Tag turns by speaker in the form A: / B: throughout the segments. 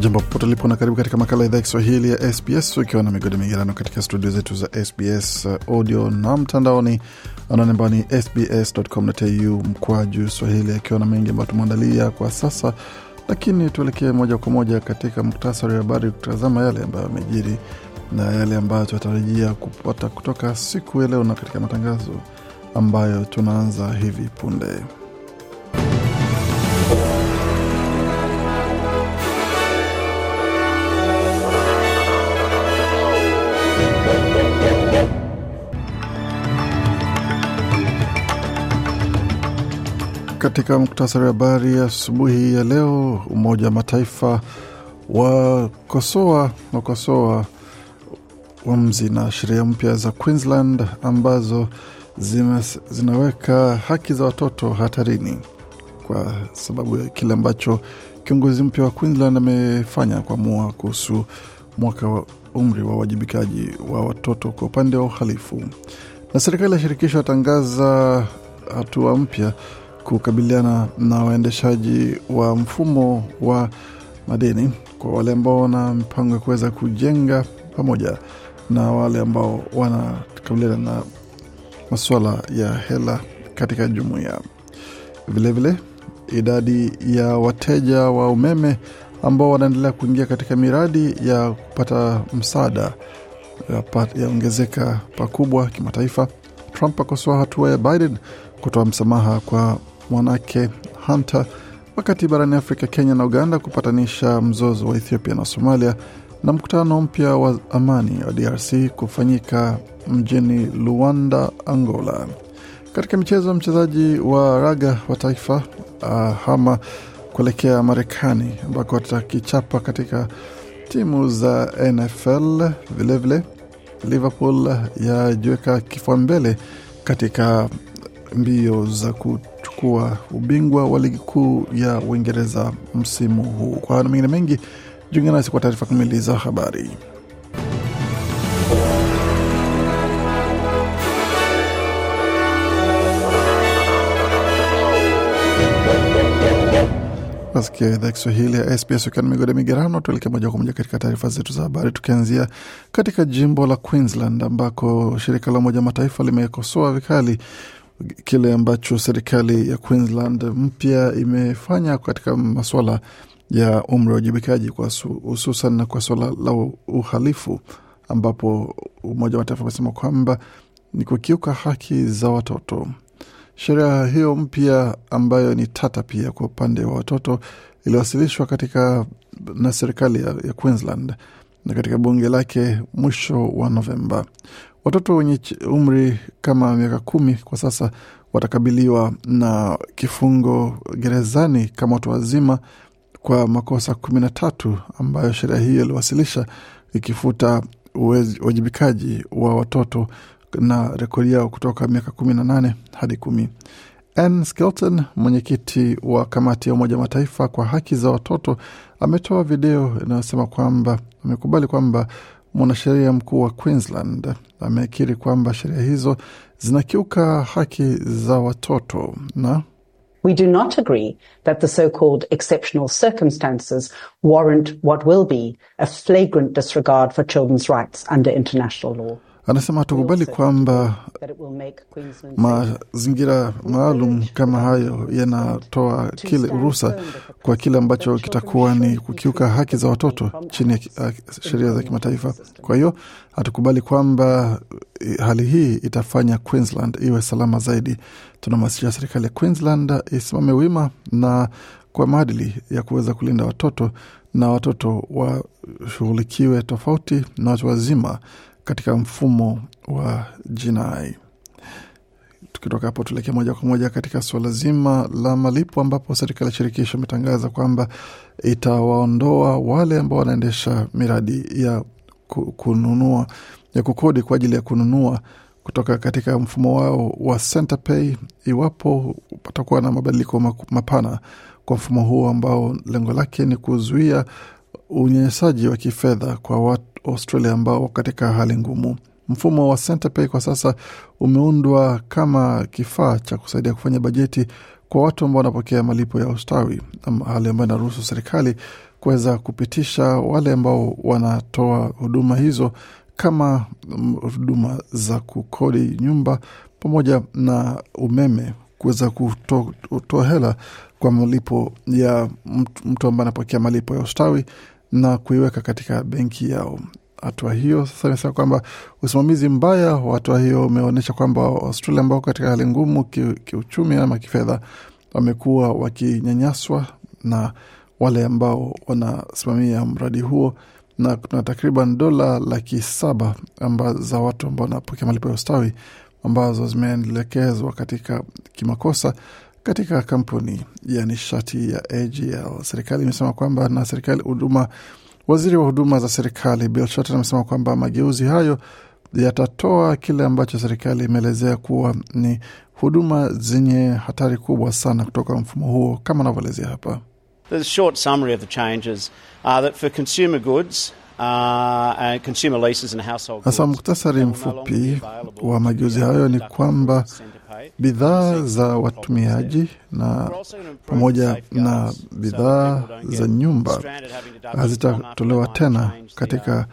A: Jambo popote lipo na karibu katika makala idhaa ya Kiswahili ya SBS ukiwa na migodi migerano katika studio zetu za SBS uh, audio na mtandaoni ambao ni sbs.com.au mkwaju swahili, akiwa na mengi ambayo tumeandalia kwa sasa, lakini tuelekee moja kwa moja katika muktasari wa habari kutazama yale ambayo yamejiri na yale ambayo tunatarajia kupata kutoka siku ya leo na katika matangazo ambayo tunaanza hivi punde. Katika muktasari wa habari asubuhi ya, ya leo, Umoja wa Mataifa wakosoa wakosoa uamuzi na sheria mpya za Queensland ambazo zime, zinaweka haki za watoto hatarini kwa sababu ya kile ambacho kiongozi mpya wa Queensland amefanya kuamua kuhusu mwaka wa umri wa uwajibikaji wa watoto kwa upande wa uhalifu. Na serikali ya shirikisho atangaza hatua mpya kukabiliana na waendeshaji wa mfumo wa madeni kwa wale ambao wana mipango ya kuweza kujenga pamoja na wale ambao wanakabiliana na masuala ya hela katika jumuiya. Vilevile, idadi ya wateja wa umeme ambao wanaendelea kuingia katika miradi ya kupata msaada yaongezeka pakubwa kimataifa. Trump akosoa hatua ya Biden kutoa msamaha kwa mwanake Hunter, wakati barani Afrika, Kenya na Uganda kupatanisha mzozo wa Ethiopia na Somalia, na mkutano mpya wa amani wa DRC kufanyika mjini Luanda, Angola. Katika michezo, mchezaji wa raga wa taifa ahama kuelekea Marekani ambako atakichapa katika timu za NFL. Vilevile vile, Liverpool yajiweka kifua mbele katika mbio za kuchukua ubingwa wa ligi kuu ya Uingereza msimu huu. Kwa hayo na mengine mengi, jiunge nasi kwa taarifa kamili za habari. Nasikia idhaa Kiswahili ya SBS ukiwa na migode migerano. Tuelekee moja kwa moja katika taarifa zetu za habari, tukianzia katika jimbo la Queensland ambako shirika la Umoja Mataifa limekosoa vikali kile ambacho serikali ya Queensland mpya imefanya katika masuala ya umri wa ujibikaji hususan na kwa swala la uhalifu, ambapo Umoja wa Mataifa amesema kwamba ni kukiuka haki za watoto. Sheria hiyo mpya ambayo ni tata pia kwa upande wa watoto iliwasilishwa katika na serikali ya, ya Queensland na katika bunge lake mwisho wa Novemba. Watoto wenye umri kama miaka kumi kwa sasa watakabiliwa na kifungo gerezani kama watu wazima kwa makosa kumi na tatu ambayo sheria hiyo iliwasilisha ikifuta uwajibikaji wa watoto na rekodi yao kutoka miaka kumi na nane hadi kumi. Ann Skelton, mwenyekiti wa kamati ya Umoja wa Mataifa kwa haki za watoto, ametoa video inayosema kwamba amekubali kwamba Mwanasheria mkuu wa Queensland amekiri kwamba sheria hizo zinakiuka haki za watoto na We do not agree that the so-called exceptional circumstances warrant what will be a flagrant disregard for children's rights under international law. Anasema hatukubali kwamba mazingira maalum kama hayo yanatoa kile ruhusa kwa kile ambacho kitakuwa ni kukiuka haki za watoto chini ya sheria za kimataifa. Kwa hiyo hatukubali kwamba eh, hali hii itafanya Queensland iwe salama zaidi. Tunahamasisha serikali ya Queensland isimame wima na kwa maadili ya kuweza kulinda watoto na watoto washughulikiwe tofauti na watu wazima katika mfumo wa jinai. Tukitoka hapo tuelekea moja kwa moja katika suala zima la malipo, ambapo serikali ya shirikisho imetangaza kwamba itawaondoa wale ambao wanaendesha miradi ya kununua ya kukodi kwa ajili ya kununua kutoka katika mfumo wao wa Centerpay iwapo patakuwa na mabadiliko mapana kwa mfumo huo ambao lengo lake ni kuzuia unyanyasaji wa kifedha kwa watu Australia ambao katika hali ngumu. Mfumo wa Centrepay kwa sasa umeundwa kama kifaa cha kusaidia kufanya bajeti kwa watu ambao wanapokea malipo ya ustawi, hali ambayo inaruhusu serikali kuweza kupitisha wale ambao wanatoa huduma hizo kama mm, huduma za kukodi nyumba pamoja na umeme kuweza kutoa hela kwa malipo ya mtu ambaye anapokea malipo ya ustawi na kuiweka katika benki yao. Hatua hiyo sasa imesema kwamba usimamizi mbaya wa hatua hiyo umeonyesha kwamba Australia ambao katika hali ngumu kiuchumi ki ama kifedha wamekuwa wakinyanyaswa na wale ambao wanasimamia mradi huo, na kuna takriban dola laki saba za watu ambao wanapokea malipo ya ustawi ambazo zimeelekezwa katika kimakosa katika kampuni ya nishati ya AGL. Serikali imesema kwamba na serikali huduma Waziri wa huduma za serikali Bill Shorten amesema kwamba mageuzi hayo yatatoa kile ambacho serikali imeelezea kuwa ni huduma zenye hatari kubwa sana kutoka mfumo huo, kama anavyoelezea hapa. short summary of the changes that for consumer goods Uh, uh, Hasa muktasari mfupi wa mageuzi hayo ni kwamba bidhaa za watumiaji na pamoja na bidhaa za nyumba hazitatolewa tena katika uh,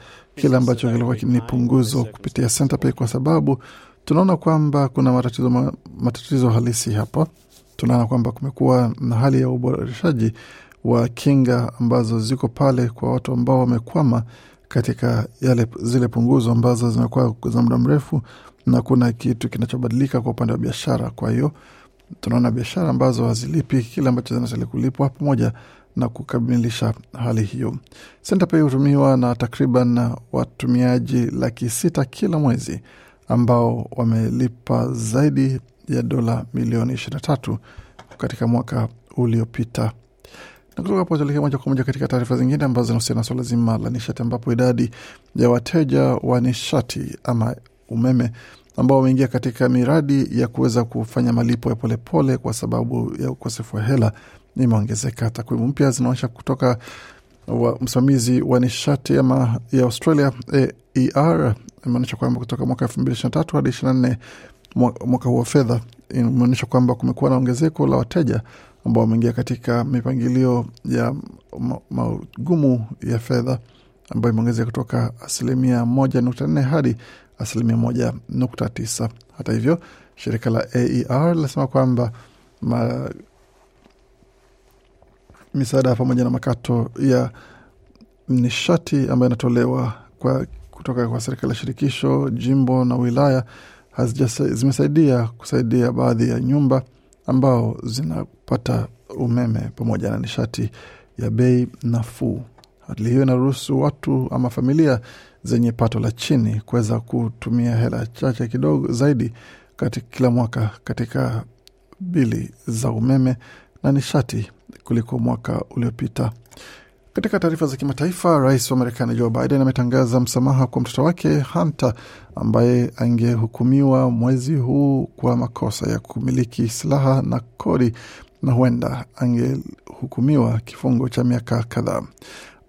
A: kile ambacho kilikuwa ni punguzo kupitia Centerpay, kwa sababu tunaona kwamba kuna matatizo, matatizo halisi hapa. Tunaona kwamba kumekuwa na hali ya uboreshaji wa kinga ambazo ziko pale kwa watu ambao wamekwama katika yale zile punguzo ambazo zimekuwa za muda mrefu, na kuna kitu kinachobadilika kwa upande wa biashara. Kwa hiyo tunaona biashara ambazo hazilipi kile ambacho zinastahili kulipwa pamoja na kukamilisha hali hiyo. Centipay hutumiwa na takriban watumiaji laki sita kila mwezi ambao wamelipa zaidi ya dola milioni tatu katika mwaka uliopita. Na kutoka hapo moja kwa moja katika taarifa zingine ambazo zinahusiana na swala zima la nishati, ambapo idadi ya wateja wa nishati ama umeme ambao wameingia katika miradi ya kuweza kufanya malipo ya polepole pole kwa sababu ya ukosefu wa hela imeongezeka. Takwimu mpya zinaonyesha kutoka wa msimamizi wa nishati ama ya Australia AER imeonyesha kwamba kutoka mwaka elfu mbili ishirini na tatu hadi ishirini na nne mwaka huo fedha imeonyesha kwamba kumekuwa na ongezeko la wateja ambao wameingia katika mipangilio ya magumu ya fedha ambayo imeongezeka kutoka asilimia moja nukta nne hadi asilimia moja nukta tisa. Hata hivyo, shirika la AER linasema kwamba ma... misaada pamoja na makato ya nishati ambayo inatolewa kwa kutoka kwa serikali ya shirikisho, jimbo na wilaya zimesaidia kusaidia baadhi ya nyumba ambao zinapata umeme pamoja na nishati ya bei nafuu. Hali hiyo inaruhusu watu ama familia zenye pato la chini kuweza kutumia hela chache kidogo zaidi katika kila mwaka katika bili za umeme na nishati kuliko mwaka uliopita. Katika taarifa za kimataifa, rais wa Marekani Joe Biden ametangaza msamaha kwa mtoto wake Hunter ambaye angehukumiwa mwezi huu kwa makosa ya kumiliki silaha na kodi na huenda angehukumiwa kifungo cha miaka kadhaa.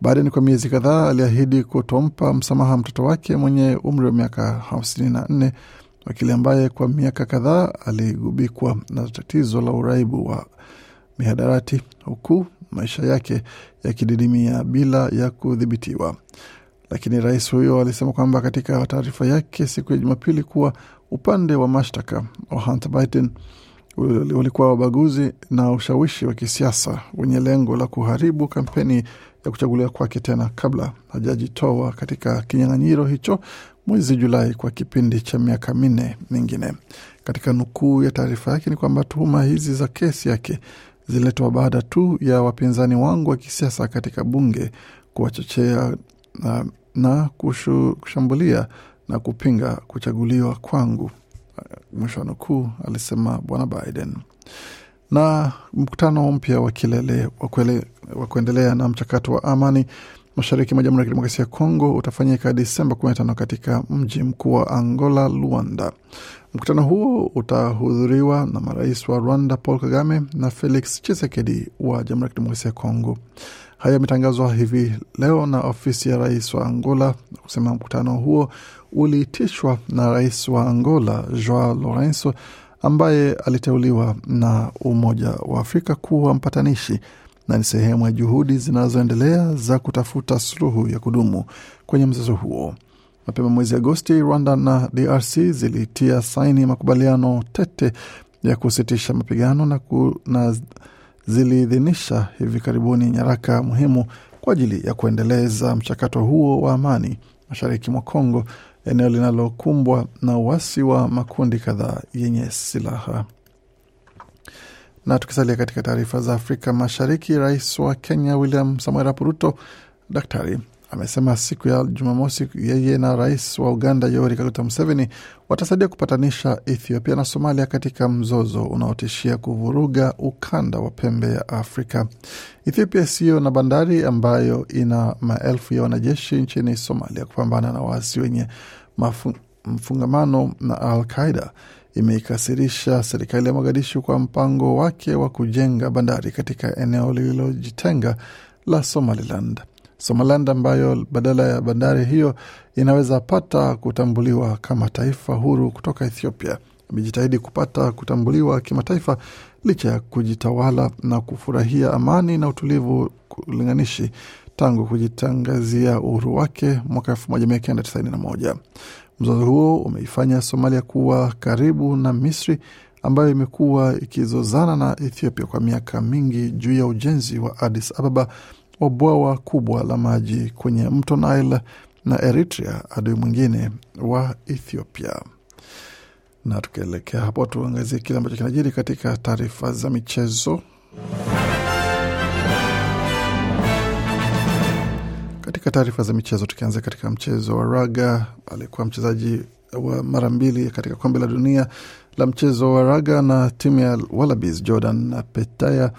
A: Biden kwa miezi kadhaa aliahidi kutompa msamaha mtoto wake mwenye umri wa miaka 54 wakili ambaye kwa miaka kadhaa aligubikwa na tatizo la uraibu wa mihadarati huku maisha yake yakididimia bila ya kudhibitiwa. Lakini rais huyo alisema kwamba katika taarifa yake siku ya Jumapili kuwa upande wa mashtaka wa Hunter Biden ulikuwa wabaguzi na ushawishi wa kisiasa wenye lengo la kuharibu kampeni ya kuchaguliwa kwake tena kabla hajajitoa katika kinyang'anyiro hicho mwezi Julai kwa kipindi cha miaka minne mingine. Katika nukuu ya taarifa yake ni kwamba tuhuma hizi za kesi yake zililetwa baada tu ya wapinzani wangu wa kisiasa katika bunge kuwachochea na, na kushu, kushambulia na kupinga kuchaguliwa kwangu, uh, mwisho wa nukuu, alisema Bwana Biden. Na mkutano mpya wa kilele wa kuendelea na mchakato wa amani mashariki mwa Jamhuri ya Kidemokrasia ya Kongo utafanyika Disemba 15 katika mji mkuu wa Angola, Luanda. Mkutano huo utahudhuriwa na marais wa Rwanda Paul Kagame na Felix Tshisekedi wa Jamhuri ya Kidemokrasia ya Kongo. Hayo yametangazwa hivi leo na ofisi ya rais wa Angola na kusema mkutano huo uliitishwa na rais wa Angola Joao Lourenco ambaye aliteuliwa na Umoja wa Afrika kuwa mpatanishi na ni sehemu ya juhudi zinazoendelea za kutafuta suluhu ya kudumu kwenye mzozo huo. Mapema mwezi Agosti, Rwanda na DRC zilitia saini makubaliano tete ya kusitisha mapigano na, ku, na ziliidhinisha hivi karibuni nyaraka muhimu kwa ajili ya kuendeleza mchakato huo wa amani mashariki mwa Kongo, eneo linalokumbwa na uasi wa makundi kadhaa yenye silaha. Na tukisalia katika taarifa za Afrika Mashariki, rais wa Kenya William Samoei apuruto Ruto daktari amesema siku ya Jumamosi yeye na rais wa Uganda Yoweri Kaguta Museveni watasaidia kupatanisha Ethiopia na Somalia katika mzozo unaotishia kuvuruga ukanda wa pembe ya Afrika. Ethiopia isiyo na bandari ambayo ina maelfu ya wanajeshi nchini Somalia kupambana na waasi wenye mfungamano na Al-Qaida imeikasirisha serikali ya Mogadishu kwa mpango wake wa kujenga bandari katika eneo lililojitenga la Somaliland. Somaliland ambayo badala ya bandari hiyo inaweza pata kutambuliwa kama taifa huru kutoka Ethiopia imejitahidi kupata kutambuliwa kimataifa licha ya kujitawala na kufurahia amani na utulivu kulinganishi tangu kujitangazia uhuru wake mwaka Mzozo huo umeifanya Somalia kuwa karibu na Misri ambayo imekuwa ikizozana na Ethiopia kwa miaka mingi juu ya ujenzi wa Addis Ababa wa bwawa kubwa la maji kwenye mto Nile na Eritrea, adui mwingine wa Ethiopia. Na tukielekea hapo, tuangazie kile ambacho kinajiri katika taarifa za michezo. Katika taarifa za michezo, tukianzia katika mchezo wa raga, alikuwa mchezaji wa mara mbili katika kombe la dunia la mchezo wa raga na timu ya Wallabies, Jordan Petaya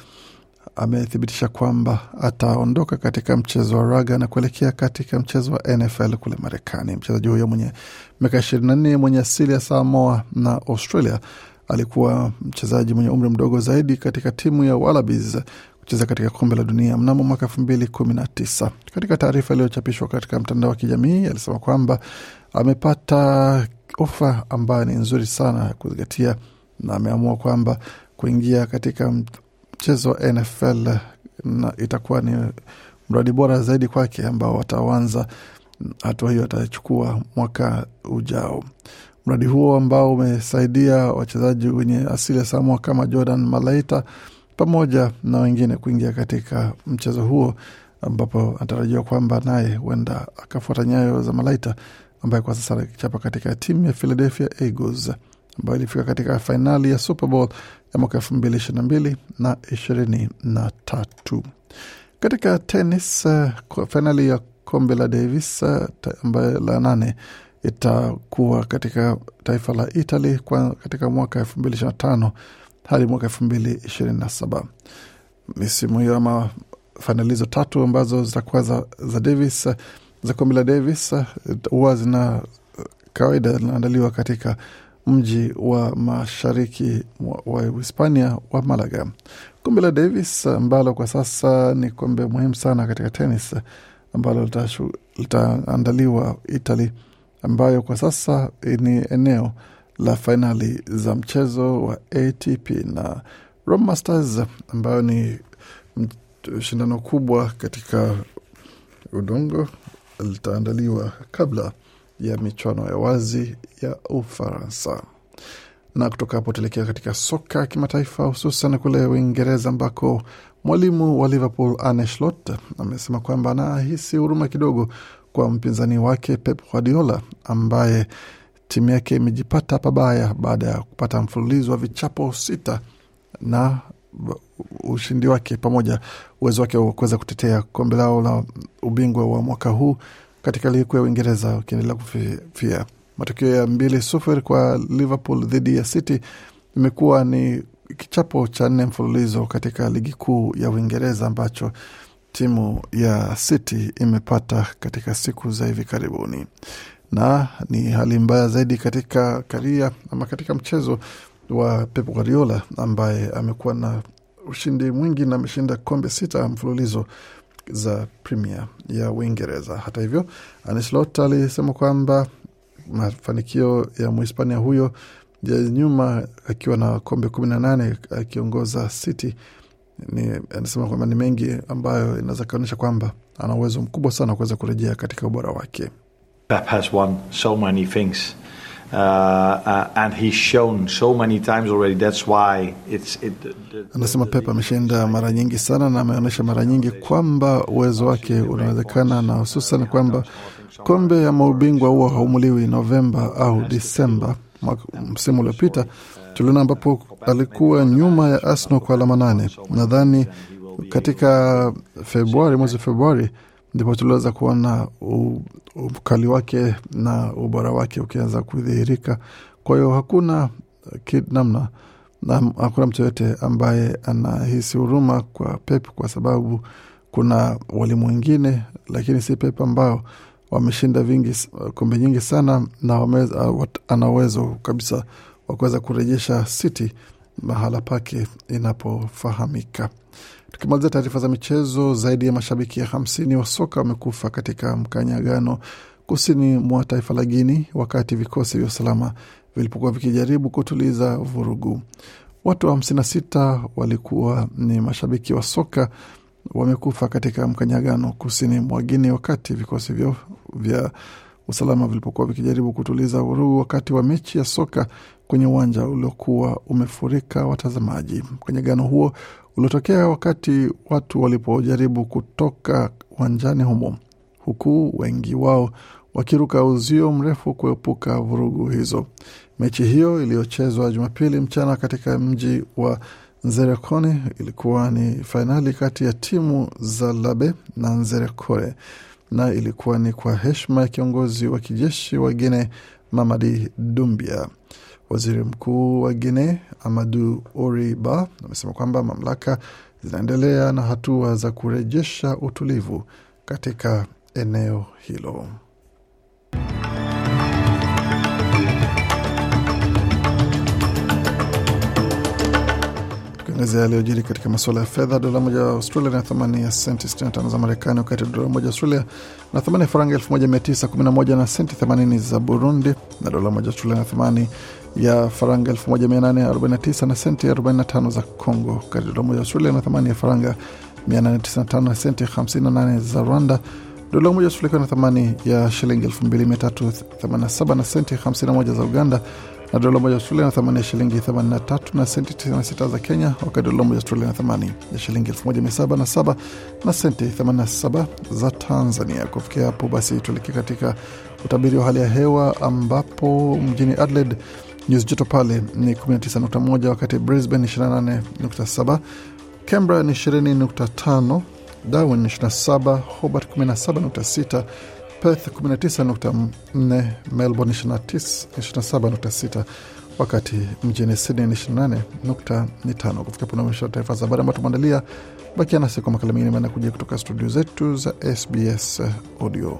A: amethibitisha kwamba ataondoka katika mchezo wa raga na kuelekea katika mchezo wa NFL kule Marekani. Mchezaji huyo mwenye miaka ishirini na nne mwenye asili ya Samoa na Australia alikuwa mchezaji mwenye umri mdogo zaidi katika timu ya Wallabies kucheza katika kombe la dunia mnamo mwaka elfu mbili kumi na tisa. Katika taarifa iliyochapishwa katika mtandao wa kijamii alisema kwamba amepata ofa ambayo ni nzuri sana ya kuzingatia, na ameamua kwamba kuingia katika mchezo wa NFL na itakuwa ni mradi bora zaidi kwake ambao wataanza hatua hiyo atachukua mwaka ujao. Mradi huo ambao umesaidia wachezaji wenye asili ya Samoa kama Jordan Malaita pamoja na wengine kuingia katika mchezo huo, ambapo anatarajiwa kwamba naye huenda akafuata nyayo za Malaita ambaye kwa sasa anachapa katika timu ya Philadelphia Eagles ambayo ilifika katika fainali ya Super Bowl ya mwaka elfu mbili ishirini na mbili na ishirini na tatu. Katika tenis, uh, fainali ya kombe la Davis uh, ambayo la nane itakuwa katika taifa la Italy kwa katika mwaka elfu mbili ishirini na tano hadi mwaka elfu mbili ishirini na saba. Misimu hiyo ama hizo tatu ambazo zitakuwa za, za Davis za kombe la Davis huwa zina kawaida linaandaliwa katika mji wa mashariki wa Hispania wa Malaga. Kombe la Davis ambalo kwa sasa ni kombe muhimu sana katika tenis ambalo litaandaliwa Italy, ambayo kwa sasa ni eneo la fainali za mchezo wa ATP na Rome Masters ambayo ni shindano kubwa katika udongo litaandaliwa kabla ya michuano ya wazi ya Ufaransa. Na kutoka hapo tuelekea katika soka ya kimataifa, hususan kule Uingereza ambako mwalimu wa Liverpool Arne Slot amesema kwamba anahisi huruma kidogo kwa mpinzani wake Pep Guardiola ambaye timu yake imejipata pabaya baada ya kupata mfululizo wa vichapo sita na ushindi wake pamoja uwezo wake wa kuweza kutetea kombe lao la ubingwa wa mwaka huu katika ligi kuu ya Uingereza ukiendelea kufifia. Matokeo ya mbili sufuri kwa Liverpool dhidi ya City imekuwa ni kichapo cha nne mfululizo katika ligi kuu ya Uingereza ambacho timu ya City imepata katika siku za hivi karibuni na ni hali mbaya zaidi katika karia ama katika mchezo wa Pep Guardiola ambaye amekuwa na ushindi mwingi na ameshinda kombe sita mfululizo za Premier ya Uingereza. Hata hivyo, Anslot alisema kwamba mafanikio ya Muhispania huyo ya nyuma akiwa na kombe kumi na nane akiongoza City ni anasema kwamba ni mengi ambayo inaweza kaonyesha kwamba ana uwezo mkubwa sana kuweza kurejea katika ubora wake. Pep has won so many things. Uh, uh, and he's shown so many times already. That's why it's, it, the, anasema Pep ameshinda mara nyingi sana na ameonyesha mara nyingi kwamba uwezo wake unawezekana, na hususan kwamba kombe ya maubingwa huo haumuliwi Novemba au Disemba. Msimu uliopita uh, tuliona ambapo alikuwa nyuma ya Arsenal kwa alama nane. Nadhani katika Februari, mwezi Februari ndipo tuliweza kuona ukali wake na ubora wake ukianza kudhihirika. Kwa hiyo hakuna namna na hakuna mtu yoyote ambaye anahisi huruma kwa Pep kwa sababu kuna walimu wengine, lakini si Pep ambao wameshinda vingi kombe nyingi sana na ana uwezo kabisa wa kuweza kurejesha City mahala pake inapofahamika. Tukimaliza taarifa za michezo, zaidi ya mashabiki ya hamsini wa soka wamekufa katika mkanyagano kusini mwa taifa la Guini wakati vikosi vya usalama vilipokuwa vikijaribu kutuliza vurugu. Watu 56 walikuwa ni mashabiki wa soka wamekufa katika mkanyagano kusini mwa Guini wakati vikosi vyo, vya usalama vilipokuwa vikijaribu kutuliza vurugu wakati wa mechi ya soka kwenye uwanja uliokuwa umefurika watazamaji. Mkanyagano huo uliotokea wakati watu walipojaribu kutoka uwanjani humo, huku wengi wao wakiruka uzio mrefu kuepuka vurugu hizo. Mechi hiyo iliyochezwa Jumapili mchana katika mji wa Nzerekone ilikuwa ni fainali kati ya timu za Labe na Nzerekore na ilikuwa ni kwa heshima ya kiongozi wa kijeshi wa guine Mamadi Dumbia. Waziri Mkuu wa guine Amadu Oriba amesema kwamba mamlaka zinaendelea na hatua za kurejesha utulivu katika eneo hilo. tukiangazia yaliyojiri katika masuala ya fedha. Dola moja ya Australia na thamani ya senti 65 za Marekani, wakati dola moja ya Australia na thamani ya faranga 1911 na senti 80 za Burundi, na dola moja ya Australia na thamani ya faranga 1849 na senti 45 za Congo, wakati dola moja ya Australia na thamani ya faranga 895 na senti 58 za Rwanda dola moja Australia na thamani ya shilingi 2387 na senti 51 za Uganda na dola moja Australia na thamani ya shilingi 83 na senti 96 za Kenya, wakati dola moja Australia na thamani ya shilingi 177 na senti 87 za Tanzania. Kufikia hapo basi, tuelekee katika utabiri wa hali ya hewa ambapo mjini Adelaide nyuzi joto pale ni 19.1, wakati Brisbane 28.7, Canberra ni 20.5, Darwin 27, Hobart 17.6 Perth 19.4, Melbourne 27.6, wakati mjini Sydney 28.5. Kufika pona mwisho wa taarifa za habari ambayo tumeandalia. Bakia nasi kwa makala mengine manakuja kutoka studio zetu za SBS Audio.